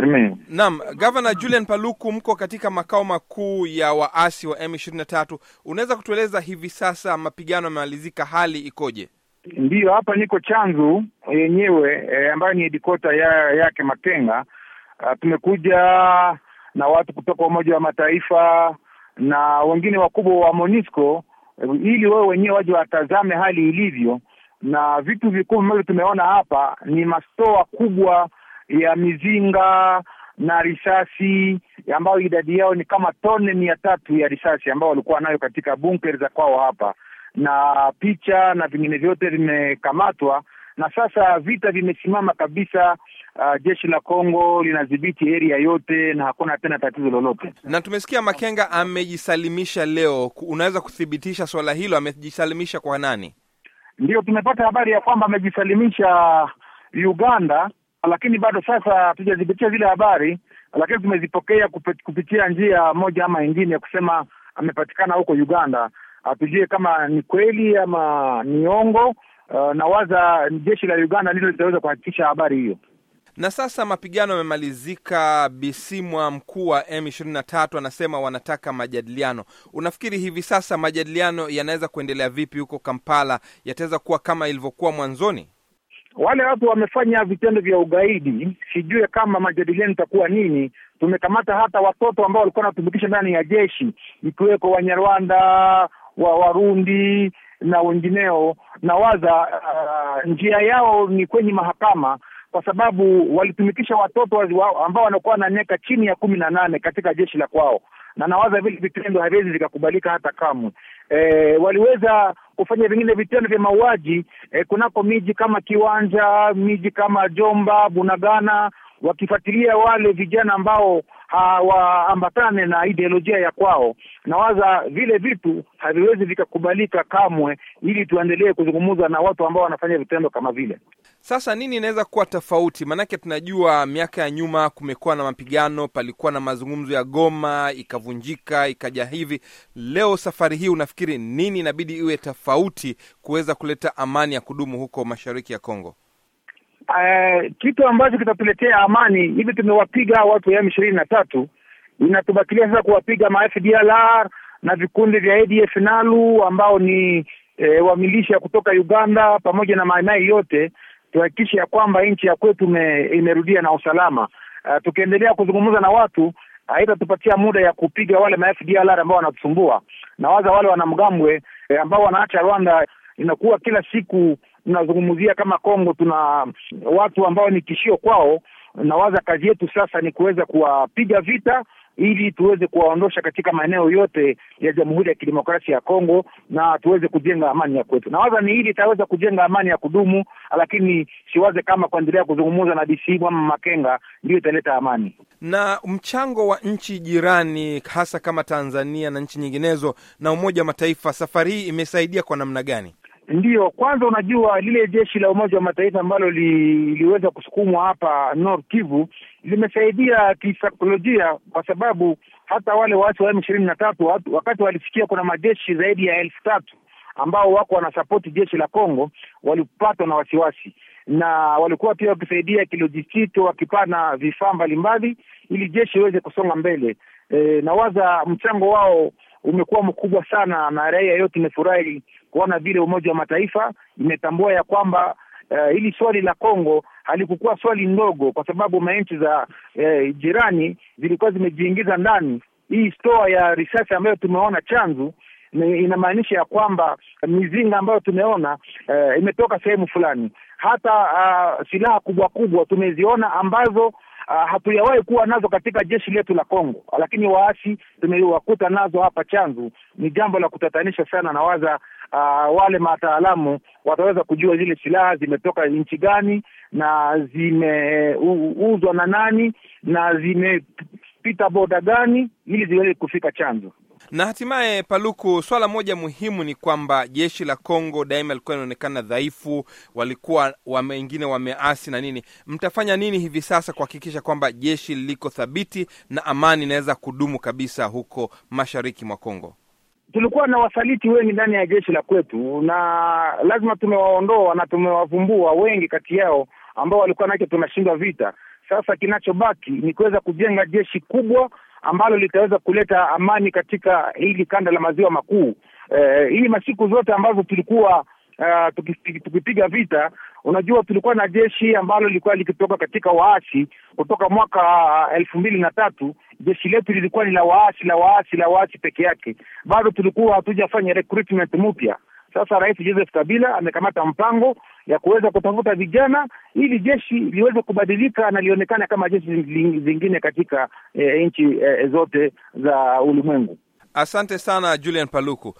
nam Naam, Gavana Julian Paluku, mko katika makao makuu ya waasi wa M23. Unaweza kutueleza hivi sasa mapigano yamemalizika, hali ikoje? Ndiyo, hapa niko chanzu eh, yenyewe e, ambayo ni hedikota ya yake Makenga. Ah, tumekuja na watu kutoka Umoja wa Mataifa na wengine wakubwa wa MONUSCO eh, ili wao wenyewe waje watazame hali ilivyo, na vitu vikubwa ambavyo tumeona hapa ni mastoa kubwa ya mizinga na risasi ambayo idadi yao ni kama tone mia tatu ya risasi ambao walikuwa nayo katika bunker za kwao hapa, na picha na vingine vyote vimekamatwa, na sasa vita vimesimama kabisa. Uh, jeshi la Kongo linadhibiti area yote na hakuna tena tatizo lolote. Na tumesikia Makenga amejisalimisha leo, unaweza kuthibitisha swala hilo? Amejisalimisha kwa nani? ndio tumepata habari ya kwamba amejisalimisha Uganda lakini bado sasa hatujazipitia zile habari, lakini tumezipokea kupitia njia moja ama ingine ya kusema amepatikana huko Uganda. Hatujue kama ni kweli ama ni ongo. Uh, nawaza jeshi la Uganda ndilo litaweza kuhakikisha habari hiyo. Na sasa mapigano yamemalizika. Bisimwa, mkuu wa M23, anasema wanataka majadiliano. Unafikiri hivi sasa majadiliano yanaweza kuendelea vipi huko Kampala? Yataweza kuwa kama ilivyokuwa mwanzoni? wale watu wamefanya vitendo vya ugaidi, sijue kama majadiliano itakuwa nini. Tumekamata hata watoto ambao walikuwa wanatumikisha ndani ya jeshi, ikiweko Wanyarwanda wa Warundi na wengineo. Na waza uh, njia yao ni kwenye mahakama, kwa sababu walitumikisha watoto ambao wanakuwa na miaka chini ya kumi na nane katika jeshi la kwao na nawaza vile vitendo haviwezi vikakubalika hata kamwe. E, waliweza kufanya vingine vitendo vya mauaji e, kunako miji kama Kiwanja, miji kama Jomba, Bunagana, wakifuatilia wale vijana ambao hawaambatane na ideolojia ya kwao. Nawaza vile vitu haviwezi vikakubalika kamwe, ili tuendelee kuzungumza na watu ambao wanafanya vitendo kama vile. Sasa nini inaweza kuwa tofauti? Maanake tunajua miaka ya nyuma kumekuwa na mapigano, palikuwa na mazungumzo ya Goma ikavunjika, ikaja hivi leo. Safari hii unafikiri nini inabidi iwe tofauti kuweza kuleta amani ya kudumu huko mashariki ya Kongo? uh, kitu ambacho kitatuletea amani. Hivi tumewapiga watu wa ishirini na tatu, inatubakilia sasa kuwapiga mafdlr na vikundi vya ADF NALU ambao ni e, eh, wamilisha kutoka Uganda pamoja na maimai yote, tuhakikishe ya kwamba nchi ya kwetu imerudia na usalama. Uh, tukiendelea kuzungumza na watu haitatupatia muda ya kupiga wale mafdlr ambao wanatusumbua na waza wale wanamgambwe eh, ambao wanaacha Rwanda. Inakuwa kila siku tunazungumzia kama Kongo tuna watu ambao ni tishio kwao, nawaza kazi yetu sasa ni kuweza kuwapiga vita ili tuweze kuwaondosha katika maeneo yote ya Jamhuri ya Kidemokrasia ya Kongo na tuweze kujenga amani ya kwetu. Nawaza ni hili itaweza kujenga amani ya kudumu, lakini siwaze kama kuendelea kuzungumza na DC ama Makenga ndio italeta amani. Na mchango wa nchi jirani, hasa kama Tanzania na nchi nyinginezo, na Umoja wa Mataifa safari hii imesaidia kwa namna gani? Ndiyo, kwanza unajua lile jeshi la Umoja wa Mataifa ambalo liweza kusukumwa hapa North Kivu limesaidia kisaikolojia, kwa sababu hata wale waasi wa m tatu wakati walisikia kuna majeshi zaidi ya elfu tatu ambao wako wanasapoti jeshi la Kongo walipatwa na wasiwasi, na walikuwa pia wakisaidia kilojistiki, wakipana vifaa mbalimbali ili jeshi iweze kusonga mbele. E, na waza mchango wao umekuwa mkubwa sana, na raia yote imefurahi kuona vile Umoja wa Mataifa imetambua ya kwamba uh, hili swali la Kongo halikukuwa swali ndogo, kwa sababu manchi za uh, jirani zilikuwa zimejiingiza ndani. Hii stoa ya risasi ambayo tumeona chanzu inamaanisha ya kwamba mizinga ambayo tumeona uh, imetoka sehemu fulani. Hata uh, silaha kubwa kubwa tumeziona ambazo Ah, hatuyawahi kuwa nazo katika jeshi letu la Kongo, lakini waasi tumewakuta nazo hapa Chanzu. Ni jambo la kutatanisha sana, na waza uh, wale mataalamu wataweza kujua zile silaha zimetoka nchi gani na zimeuzwa na nani na zimepita boda gani ili ziweze kufika Chanzu. Na hatimaye, Paluku, swala moja muhimu ni kwamba jeshi la Kongo daima ilikuwa inaonekana dhaifu, walikuwa wengine wameasi na nini. Mtafanya nini hivi sasa kuhakikisha kwamba jeshi liko thabiti na amani inaweza kudumu kabisa huko mashariki mwa Kongo? Tulikuwa na wasaliti wengi ndani ya jeshi la kwetu, na lazima tumewaondoa na tumewavumbua wengi kati yao ambao walikuwa nacho, tunashindwa vita. Sasa kinachobaki ni kuweza kujenga jeshi kubwa ambalo litaweza kuleta amani katika hili kanda la maziwa makuu. Eh, hii masiku zote ambazo tulikuwa Uh, tukipiga vita, unajua tulikuwa na jeshi ambalo lilikuwa likitoka katika waasi kutoka mwaka ah, elfu mbili na tatu. Jeshi letu lilikuwa ni la waasi la waasi la waasi peke yake, bado tulikuwa hatujafanya recruitment mpya. Sasa Rais Joseph Kabila amekamata mpango ya kuweza kutafuta vijana ili jeshi liweze kubadilika na lionekane kama jeshi zingine katika e, nchi e, zote za ulimwengu. Asante sana Julian Paluku.